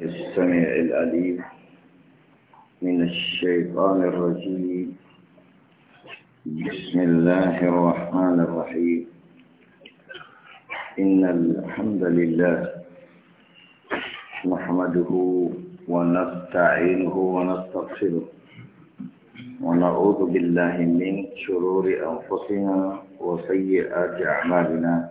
السميع الأليم من الشيطان الرجيم بسم الله الرحمن الرحيم إن الحمد لله نحمده ونستعينه ونستغفره ونعوذ بالله من شرور أنفسنا وسيئات أعمالنا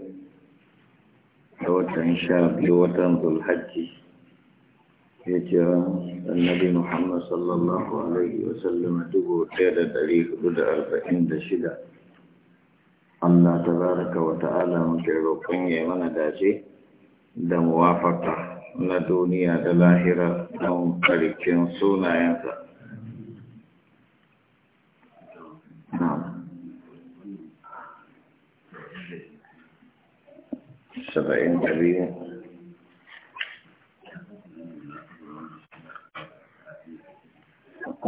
da watan sha biyu watan zulhajji ya jira annabi muhammad sallallahu alaihi wasallam dubu ɗaya da ɗari hudu da arba'in da shida allah ta baraka wa ta'ala muke roƙon ya mana dace da muwafaka na duniya da lahira don ƙarfin sunayensa saba'in da biyu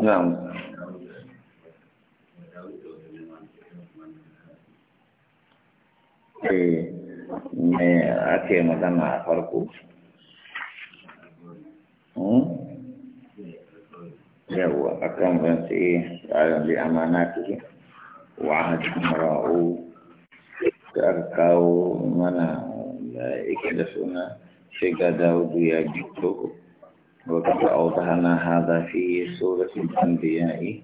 na'am eh me ake magana a farko yawa akan bansi tsarin da amana take kawo mana ya yake da suna shiga dawudu ya gitu wakata autahana hada fi suratul anbiya'i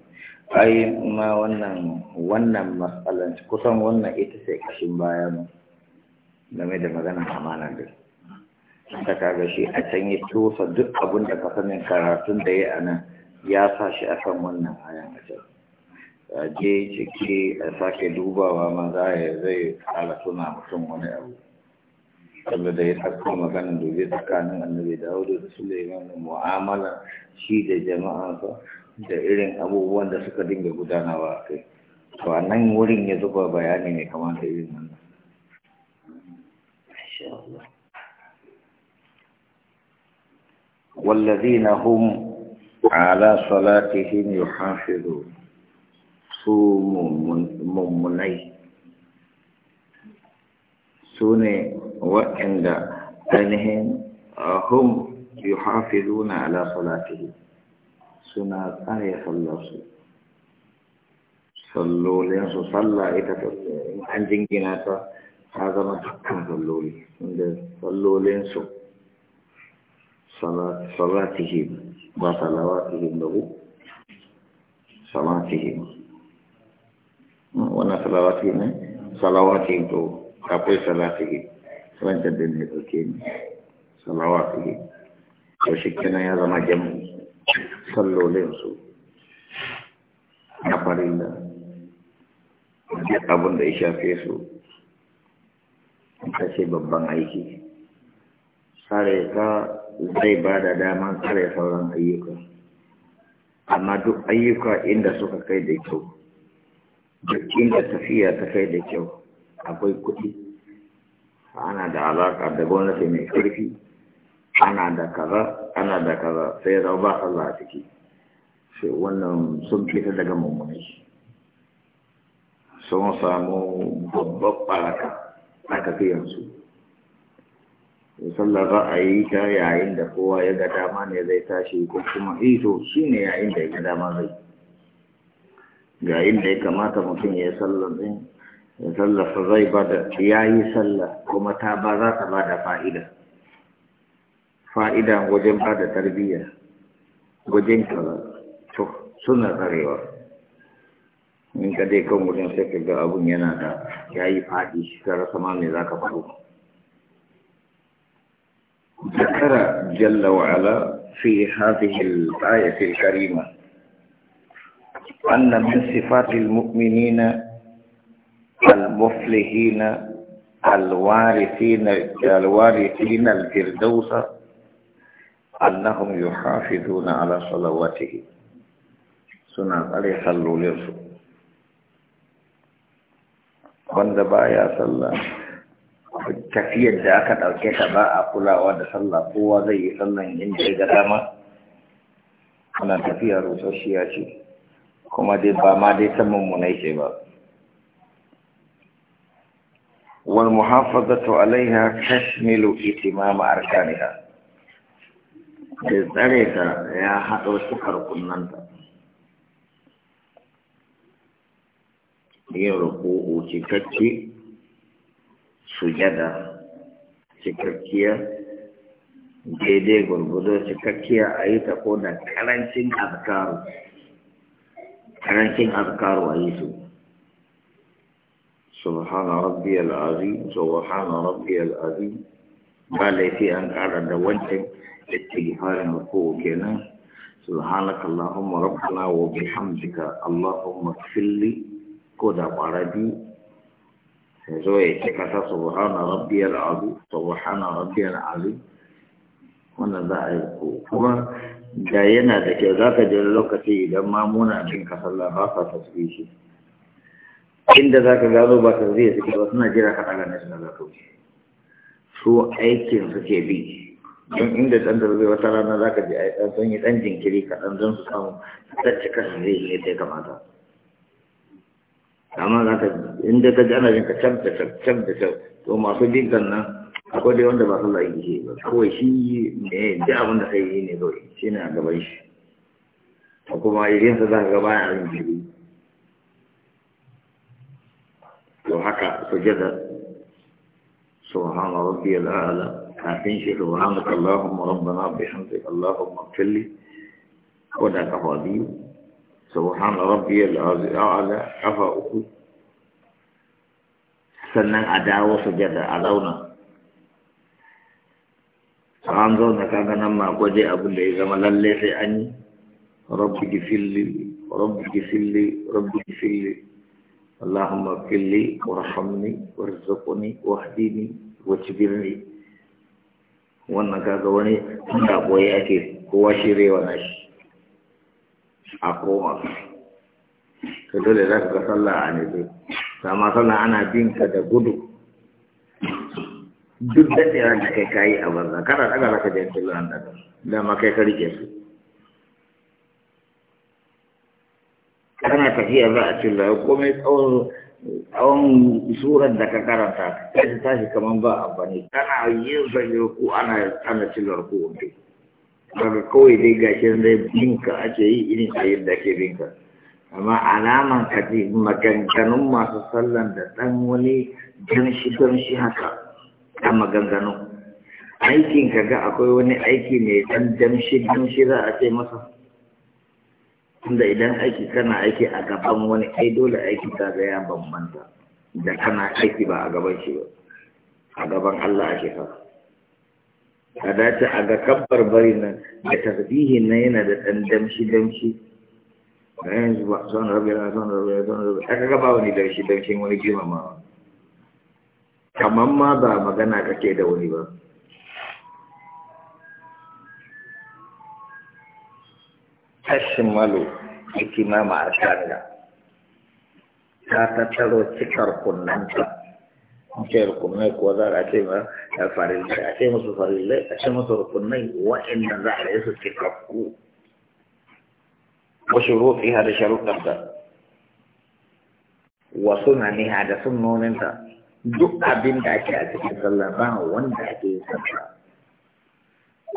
ai ma wannan wannan masalan kusan wannan ita ce kashin baya mu game da maganar amana da ta ga shi a can ya tofa duk abin da ka kasanin karatun da ya ana ya sa shi a kan wannan hayan a can je ciki a sake dubawa ma za zai kala suna mutum wani abu saboda ya haska maganin dobe tsakanin annabi dawudu da suleiman da mu'amala shi da jama'a da irin abubuwan da suka dinga gudanawa a kai to a nan wurin ya zuba bayani mai kamata irin wannan والذين هم على صلاتهم يحافظون صوم ممنعين سوني وعند أنهم هم يحافظون على صلاته سنة آية صلى صلوا لينسوا صلى إتفل عن جنجناتا هذا ما تكن صلوا لي صلوا لينسوا صلاة صلاتهم وصلواتهم له صلاتهم وانا صلواتهم صلواتهم تو akwai salatihi wancan da ne ɗauke ni salawatihi to shi kenan ya zama jam su na farilla abin da ya shafe su ta ce babban aiki sare ka zai ba da daman tsare sauran ayyuka amma duk ayyuka inda suka kai da kyau duk inda tafiya ta kai da kyau akwai kuɗi ana da alaƙa da gwamnati mai ƙarfi ana da kaza ana da kaza sai ya ba Allah a ciki sai wannan sun fita daga mummuni sun samu babbar ɓaraka a tafiyansu sallar za a yi ta yayin da kowa ya ga dama ne zai tashi ko kuma ito eh shi ne yayin da ya ga dama zai ga da ya kamata mutum ya yi sallar din sallah sa zai bada ya yi sallah kuma ta ba za ta bada fa'ida fa'ida wajen bada tarbiyya wajen kaza to suna tsarewa in ka dai kan wajen sai ka ga abun yana da ya yi shi ka rasa ma me za ka faɗo ذكر جل وعلا في هذه الآية الكريمة أن من صفات المؤمنين المفلحين na الوارثين الفردوس أنهم يحافظون على صلواته سنة عليه صلوا لرسول wanda baya sallah tafiyar da aka ɗauke ka ba a kulawa da sallah kowa zai yi sallan inda ya ga dama ana tafiya rusasshiya ce kuma dai ba ma dai ta mummunai ce ba والمحافظة عليها تشمل اتمام أركانها لذلك يا حقو سحر كننت yin ruku'u cikakke sujada cikakkiya daidai gwargwado cikakkiya a yi ta ko da karancin azkaru a yi su سبحان ربي العظيم سبحان ربي العظيم ما an ƙara da wancan istighfarin ko kenan subhanaka allahumma rabbana wa da ƙwara za a yi ko kuma da yana da kyau za ka je lokaci idan ma muna cin kasar lafafa shi inda za ka gano ba ka zai suke ba suna jira ka ɗaga nasu na zato su aikin suke bi don inda ɗan da zai wata rana za ka ji a ɗan sun yi ɗan jinkiri kaɗan don su samu ɗan cika su zai yi ta ya kamata amma za ka inda ka ji ana jin ka can da can can da can to masu bin kan nan akwai dai wanda ba su la yi ba kawai shi ne duk abin da ka yi ne kawai shi ne a gaban shi kuma idan sa za ka ga baya yin jiri وحكى سجد سبحان ربي الأعلى حافين شيء سبحانك اللهم ربنا بحمدك اللهم اغفر لي ولا تفاضي سبحان ربي الأعلى أفا أخو سنن أداو سجد أداونا ربي zauna kaga نما قدي أبو abin إذا ya zama ربي sai ربي yi ربي gifilli rabbi gifilli rabbi gifilli اللهم اغفر لي وارحمني وارزقني واهدني واجبرني wannan kaga wani sako ya ake kowa shirewa na shi a koma ka dole za ka ga sallah a Ta sama sallah ana bin ka da gudu duk daɗewa da kai kayi a banza kada daga da je sallah an daga dama kai ka rike su tafiya za a cilla komai tsawon tsawon surar da ka karanta ta tashi kamar ba amfani tana yin sanyar ko ana tsana cillar ko wanda daga kawai dai gashin dai binka ake yi irin ayin da ke binka amma alaman ka ji maganganun masu sallan da ɗan wani don shi haka a maganganun aikin ka ga akwai wani aiki mai ɗan damshi damshi za a ce masa tunda idan aiki kana aiki a gaban wani ai dole aiki ta ga ya bambanta da kana aiki ba a gaban shi ba a gaban Allah ake fa a dace a ga kabbar bari nan da tasbihi na yana da dan damshi damshi da zuwa ba son rabe na son rabe son rabe aka ga wani damshi damshin wani girmamawa kamar ma ba magana kake da wani ba malo tashmalu ikimama ashamila ta tattaro cikar kunnanta ce rukunai kuwa za a ce ma farillai a ce musu farillai a ce musu rukunai wa'inda za a yi su cikakku wasu rufi ha da sharuɗarta wasu na niha da noninta? duk abin da ake a cikin sallah ba wanda ake yi sallah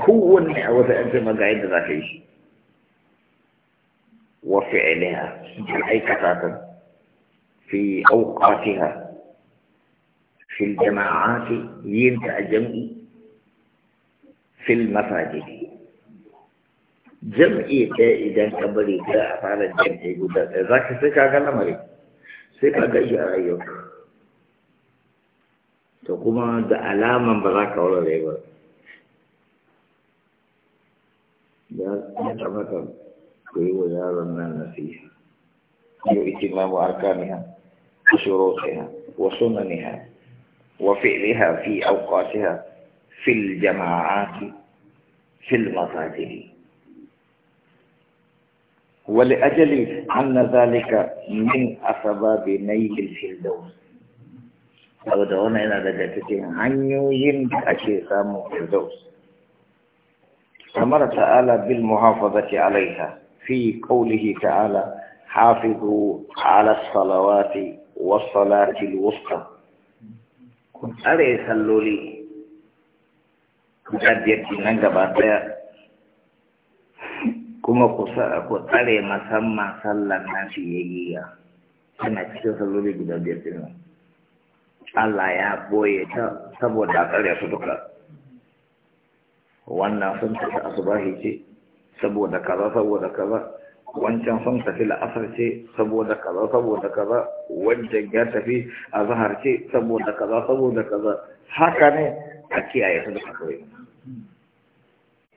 kowanne a wata yanzu maga yadda za ka yi shi وفعلها أي كتابا في أوقاتها في الجماعات ينفع ينتعجم في المفاجد جمع كائدا كبري كاء فعلا جمع جدا ذاك سيكا قال مريم سيكا قال رأيك تقوم بألاما براك ولا ليبر لا تبقى ويو يارن نصيحة يو اتمام أركانها وشروطها وسننها وفعلها في أوقاتها في الجماعات في المساجد ولأجل أن ذلك من أسباب نيل الفردوس saboda wannan yana daga cikin hanyoyin da ake samun firdaus kamar ta'ala bil muhafazati alaiha في قوله تعالى حافظوا على الصلوات والصلاة الوسطى أري صلوا kuma ku tsare musamman sallar na fiyayya tana cikin salloli guda biyar din Allah ya boye ta saboda a tsare su duka wannan sun tafi asubahi ce saboda kaza saboda kaza wancan son tafi la'asar ce saboda kaza saboda kaza wancan ya tafi a zahar ce saboda kaza saboda kaza haka ne a kiyaye su da kawai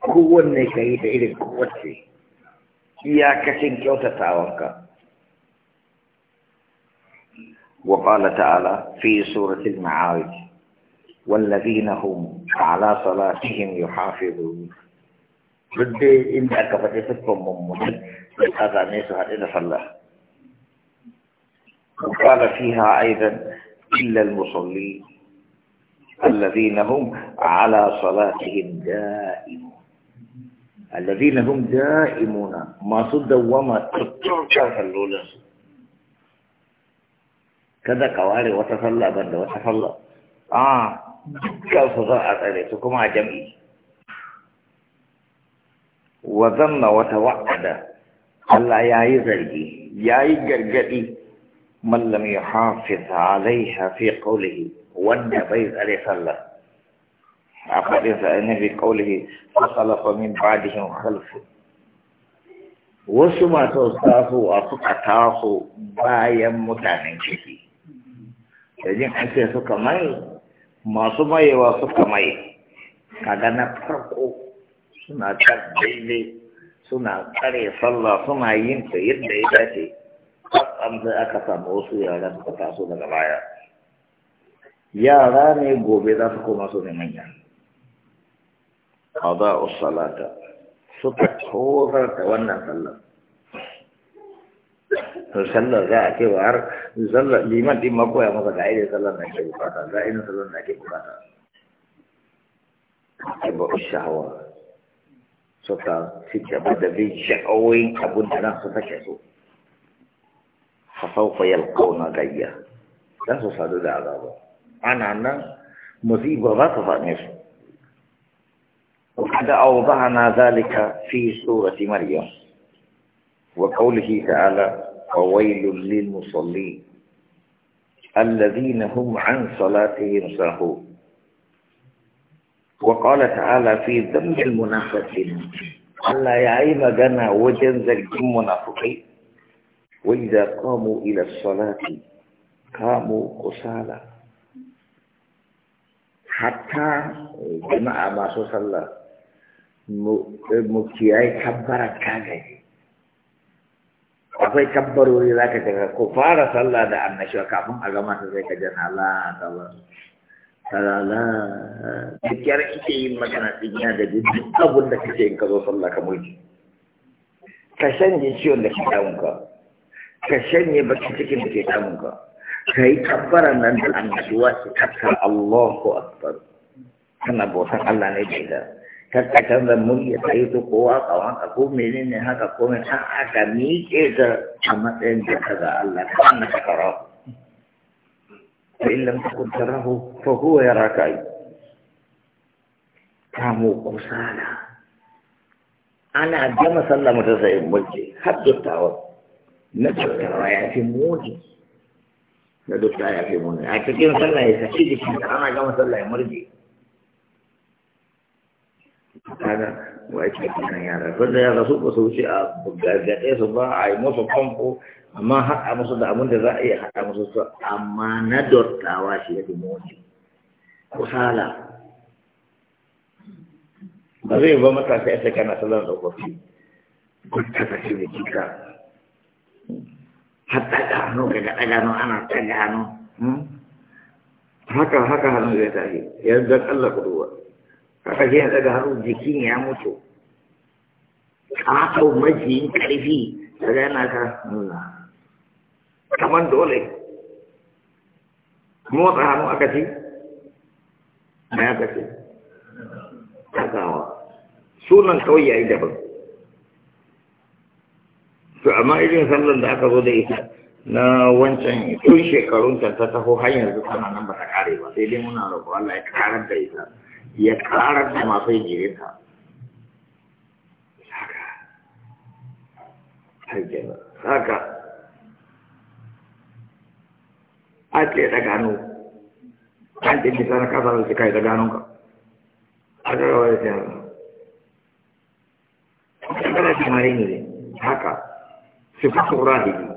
kowanne ka yi da irin kowace iyakacin kyautatawanka وقال تعالى في سورة المعارج والذين هم على صلاتهم يحافظون duk inda aka faɗi mummunan zane su haɗe da sallah وقال فيها أيضا إلا المصلين الذين هم على صلاتهم دائمون الذين هم دائمون ما صدوا وما تتركوا صلوا كذا كواري وتصلى بند وتصلى آه كيف ضاعت عليه جميل wa zanna wa tawa'ada Allah ya yi zargi ya yi gargadi mallam ya hafiz alaiha fi qawlihi wanda bai tsare sallah a faɗinsa bi qawlihi fa salafa min ba'dihim khalfun wasu masu taso a suka bayan mutanen ciki da jin an suka mai masu mayewa suka mai kaga na farko suna kan daidai suna tsare sallah suna yin ta yadda ya dace kwatsam sai aka samu wasu yaran da taso daga baya yara ne gobe za su koma su ne manya qada salata suka tozar da wannan sallar sallar za a cewa har sallar liman din ma koya masa ga irin sallar da ake bukata ga irin sallar da ake bukata ba ushawa suka ci gaba da bin sha'awoyin abin da nasu take so fasaufa yalkauna gayya za su sadu da azaba ana nan musiba za ta same su وقد أوضحنا ذلك في سورة مريم وقوله تعالى وويل للمصلين الذين هم عن صلاتهم ساهون وقال تعالى في ذنب المنافقين يا يعيب جنا وجن زلكم منافقين وإذا قاموا إلى الصلاة قاموا قصالا حتى جماعة ما صلى مكياي كبر كاغي akwai كبروا za ka daga ko fara sallah da annashuwa kafin a gama ta zai Allah kalala da kyar ike yin magana tsinya da duk abun da kake in ka zo sallah ka mulki ka shanye ciwon da ke damun ka ka shanye bakin cikin da ke damun ka ka yi kabbara nan da annashuwa ki kakkar Allahu akbar kana bautan Allah ne da ita kakka canza murya ta yi ta kowa kawan ka ko menene haka ko mai an aka miƙe ta a matsayin da ka ga Allah kan na ka فإن لم تكن تراه فهو يراك أي كامو قسالا أنا أجمع صلى متسعين ملجي حد التعوض نجد الرايا في موني نجد الرايا في موني أكتين صلى يسكيدي كنت أنا أجمع صلى مرجي هذا وأكتين يا رسول الله رسول الله سوشي أبو جاجة إيه صباح أي موسو قنقو amma haɗa musu da abin da za a iya haɗa musu su amma na dottawa shi ya dumo wani kusala ba zai ba matasa ya saka na salon da tsofaffi kuka ta shi da kika hatta da hannu ka ga ɗaga hannu ana ta hannu hmm? haka haka hannu zai tashi yanzu don Allah ku duba haka shi ya ɗaga hannu jikin ya mutu ƙaƙau majiyin ƙarfi daga yana ka nuna kaman dole motsa hannu aka ci, na ya kace tagawa sunan kawai yayi daban to amma irin sallar da aka zo da ita na wancan tun shekarun ta ta taho har yanzu na nan ba ta kare ba sai dai muna roƙo Allah ya karar da ita ya karar da masu yin jirinta haka haka Ake ce da gano an ce kisa na kasa da su kai da ganon ka a ga gawa da sai an gana shi mare ne haka su fi tsora hidi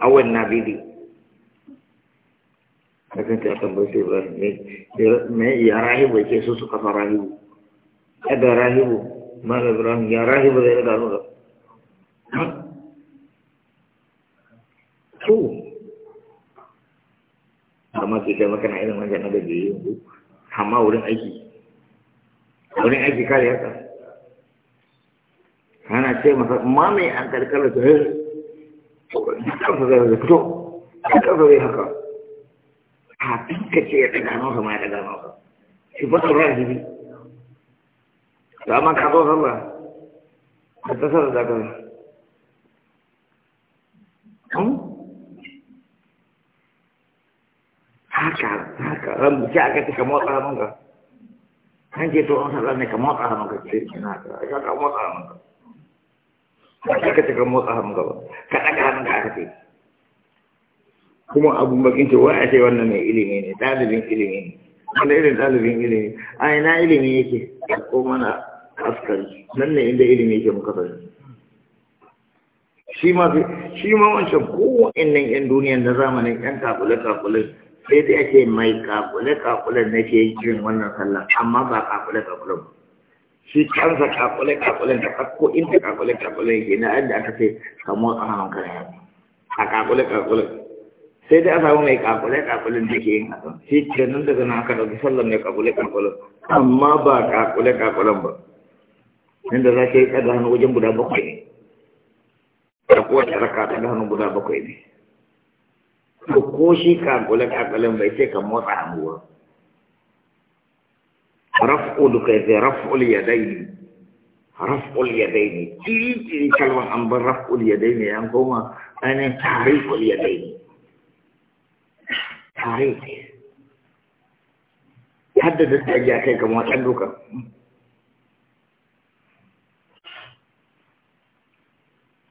a wannan bidi a kan ta tambar sai ba me ya rahibu ke su suka fa rahibu kada rahibu malam ibrahim ya rahibu zai da gano ka su hmm? amma ke kai maka na irin amma wurin aiki wurin aiki kare haka ana ce masa ma mai an karkara eh, su hin karfa zai zai fito karfa zai haka kafin ka ce ya daga nasa ma ya daga nasa shi ba su rayar da amma ka zo ka tasar da kan buce aka ce ka motsa hannunka an ce to an sallah ne ka motsa hannunka ce ina ka aka ka motsa hannunka ba aka ce ka motsa hannunka ba ka ɗaga hannunka aka ce kuma abun bakin ce wa a ce wannan mai ilimi ne ɗalibin ilimi ne wanda irin ɗalibin ilimi a ina ilimi yake ko mana askari nan ne inda ilimi yake muka sani shi ma wancan kowannan 'yan duniyan na zamanin 'yan kakule-kakule sai da ake mai kakule kakule na ke yin irin wannan sallah amma ba kakule kakule ba shi kansa kakule kakule da kakko inda kakule kakule ke na yadda aka sai kamo a hannun kare ya a kakule kakule sai da a samu mai kakule kakule da ke yin hakan shi kenan daga na aka ɗauki sallan mai kakule kakule amma ba kakule kakule ba inda za ka yi ɗaga hannu wajen guda bakwai ne da kowace raka ɗaga hannu guda bakwai ne to ko shi kakule kakulen bai ce ka motsa hannuwa raf'ul kai sai raf'ul yadaini raf'ul yadaini kiri kiri kalman an bar raf'ul yadaini an koma ainihin tariful yadaini tarif haddada da ya kai kamar wasan duka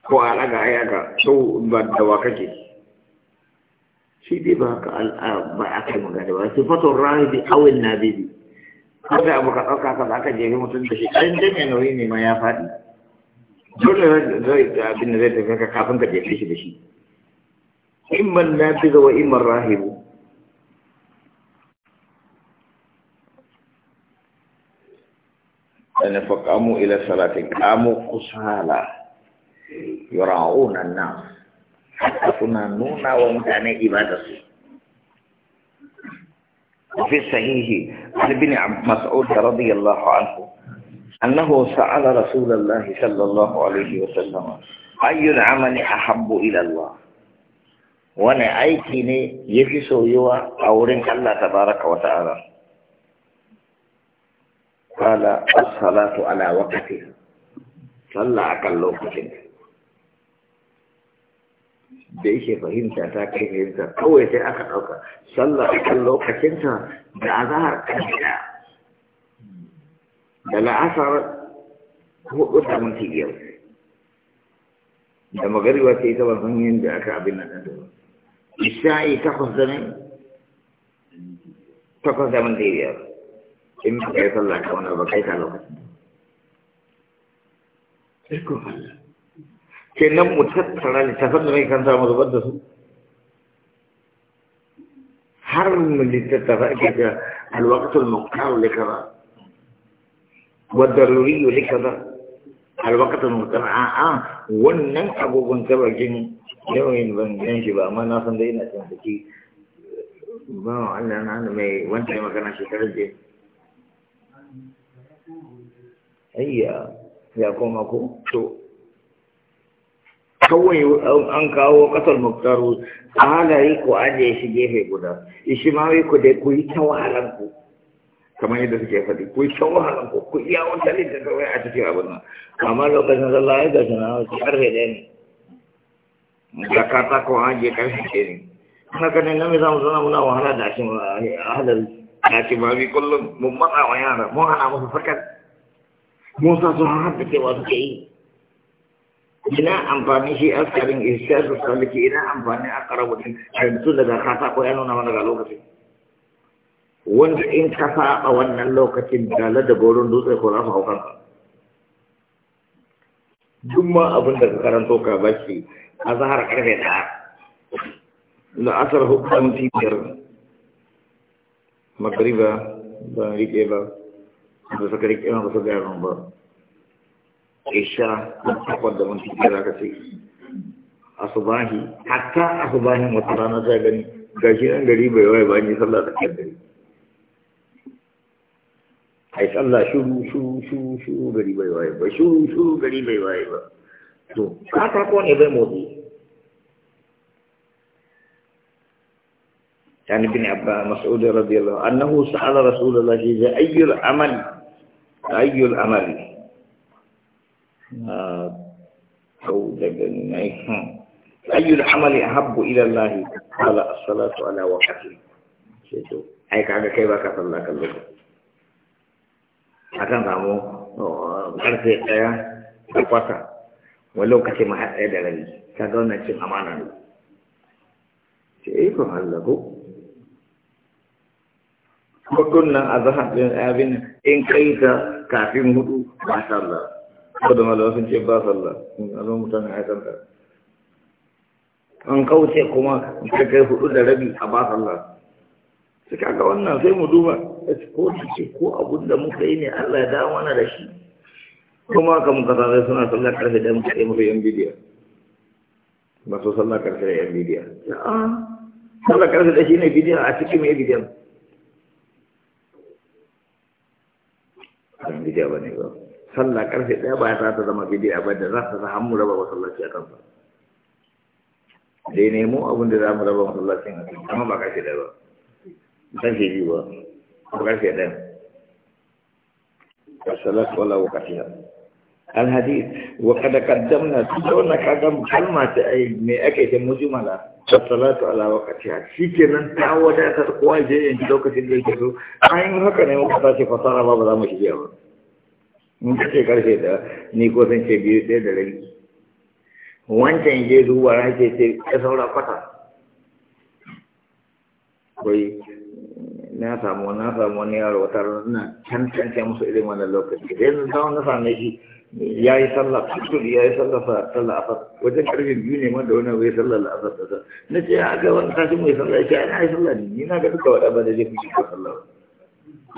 ko a raga ya ga so ba da wa kake shi dai ba ka ba a kai magana ba sifatun rahibi awil nabidi kada abu ka ɗauka ka za ka jefe mutum da shi ɗan jami'a nauyi ne ma ya faɗi dole zai abin da zai tafi ka kafin ka jefe shi da shi imman nabiga wa imman rahibu dan ƙamu ila salatin kamu kusala yura'una an-nas حتى كنا نونا ومتعنى إبادة وفي الصحيح عن ابن مسعود رضي الله عنه أنه سأل رسول الله صلى الله عليه وسلم أي العمل أحب إلى الله وانا أيكي ني يفي سويوا أورين الله تبارك وتعالى قال الصلاة على وقتها صلى أكل وقتها da yake fahimta ta kai fahimta kawai sai aka ɗauka sallah a kan lokacinta da azahar ɗaya da la'asar hudu da minti biyar da magariba ta yi ta ban yadda aka abin nan ɗan daban isha'i takwas da ne takwas da minti biyar in ba ka yi sallah ka wani ba kai ta lokacin Allah kenan mu tattara littafin da mai kanta mu zubar da su har mu littattafa ake ga alwaqtul muqtar li kaza wa daruri li kaza alwaqtul muqtar a a wannan agogon tabakin yawan ban gan shi ba amma na san dai ina cin saki ba Allah na da mai wanda ya magana shekarar je ayya ya koma ko to kawai um, an kawo kasar muktaru halaye ku aje shi gefe guda ishimawi ku dai ku yi ta wahalan ku kamar yadda suke faɗi ku yi ta wahalan ku ku iya wata da kawai a cikin abin nan amma lokacin sallah ya ga sana wasu karfe ɗaya ne da kata ko aje karfe ɗaya ne haka ne nami zamu zana muna wahala da shi halar da shi ba bi kullum mun matsa wa yara mun hana musu sakar mun sa su har da ke yi ina amfani shi a su irshadu saliki ina amfani a din a yanzu daga kasa ko ya nuna mana ga lokaci wanda in ka saba wannan lokacin dalar da goron dutse ko za su hau kansa duk ma abin da ka karanto ka shi a zahar karfe ɗaya da asar hukumar cibiyar magariba ban rike ba da suka rike na su gyaran ba isha takwas da minti biyar aka ce asubahi hatta asubahin wata rana ta gani gashi nan gari bai waye ba ni sallah da kan gari ai sallah shuru shuru shuru shuru gari bai waye ba shuru shuru gari bai waye ba to kaka ko ne bai motsi يعني ابن عباس مسعود رضي الله عنه سأل رسول الله أي العمل أي العمل أو أي العمل أحب إلى الله قال الصلاة على وقته ai kaga kai baka sallah kan lokaci akan samu oh, karfe daya da kwata wani lokaci ma har da rabi kaga wannan cin amana ne ce kun Allah ko ko kunnan azhar din abin in kai ta kafin hudu ba sallah ko da malawa sun ce ba sallah in a zo mutane a an kauce kuma ta kai hudu da rabi a ba sallah suka ga wannan sai mu duba ko da ce ko abun da muka yi ne Allah ya dawo mana da shi kuma haka muka sanar suna sallar karfe da muka yi muka yan bidiyar ba sallar karfe da yan bidiyar sallar karfe da shi ne bidiyar a cikin mai bidiyar bidiyar ba ne ba sallah karfe ɗaya ba za ta zama bidi a da za ta sa mu raba masallaci a kansa dai nemo abin da za mu raba masallacin a kansa amma ba karfe ɗaya ba karfe biyu ba ba karfe ɗaya salatu wala wakatiha الحديث وقد قدمنا تقولنا كلام كلمة أي مئة مجملة الصلاة على yanzu شكرا تعود أتت قوى جيد لوكة اللي يجب أين هكذا يمكن ba ba za mu بلا ba. mun ka ce karfe da ni ko san ce biyu sai da rai wancan je zuwa na ce ce ya saura kwata kai na samu na samu wani yaro wata na can, musu irin wani lokaci da yanzu zama na same shi ya yi sallah kusur ya yi sallah sa sallah a fas wajen karfe biyu ne ma da wani bai sallah asar da na ce ya ah, ga wani tashi mai sallah ya ana ah, yi sallah ne ni na ga duka waɗanda zai fi shi sallah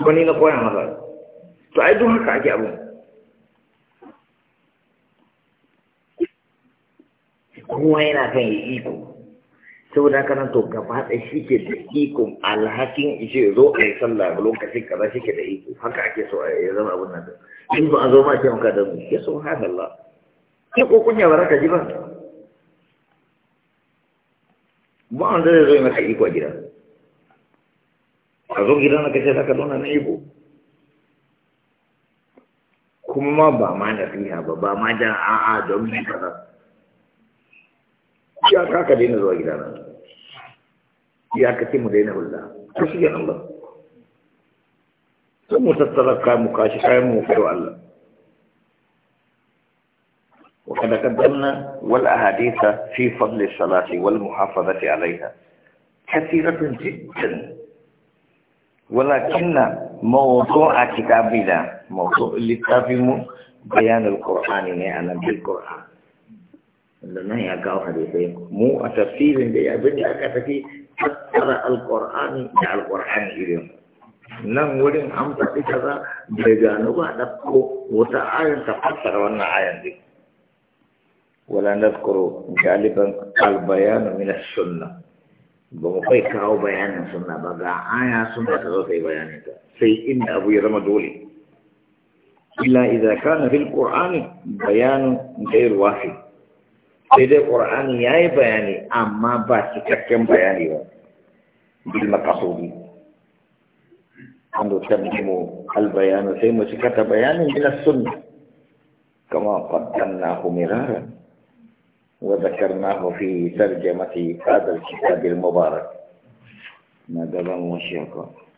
ba ni na koya masa to ai duk haka ake abin kuma yana kan yi iko saboda haka nan to gaba da shi ke da iko alhakin ishe zo a yi sallah lokacin kaza shi ke da iko haka ake so yi zama abin nan in ba a zo ma ce maka da mu ya so haka Allah ke ko kunya ba ka ji ba ba an zai zo yi maka iko a gida a zo gida na kashe zaka nuna na iko kuma ba ma fiya ba ba ma jan a'a don yi kaza ya ka ka وقد قدمنا والأحاديث في فضل الصلاة والمحافظة عليها كثيرة جدا ولكن موضوع كتابنا موضوع لكتابنا بيان القرآن يعني بالقرآن da nan ya kawo hadisai mu a tafsirin da ya bin aka tafi tattara alkur'ani da alkur'ani irin nan wurin an faɗi kaza bai gano ba da ko wata ayan ta fassara wannan ayan din wala nadkuru galiban albayanu min sunna. ba mu kai kawo bayanin sunna ba ga aya sunna ta zo ta yi bayanin ta sai inda abu ya zama dole illa idza kana fil qur'ani bayanun ghayr wahid sai dai ƙur'ani ya yi bayani amma ba cikakken bayani ba bil makasudi an dotar mu albayanu sai mu cikata bayanin gina sunna kama qaddanna hu miraran wa zakarnahu fi tarjamati hadha al mubarak na gaban mu shekara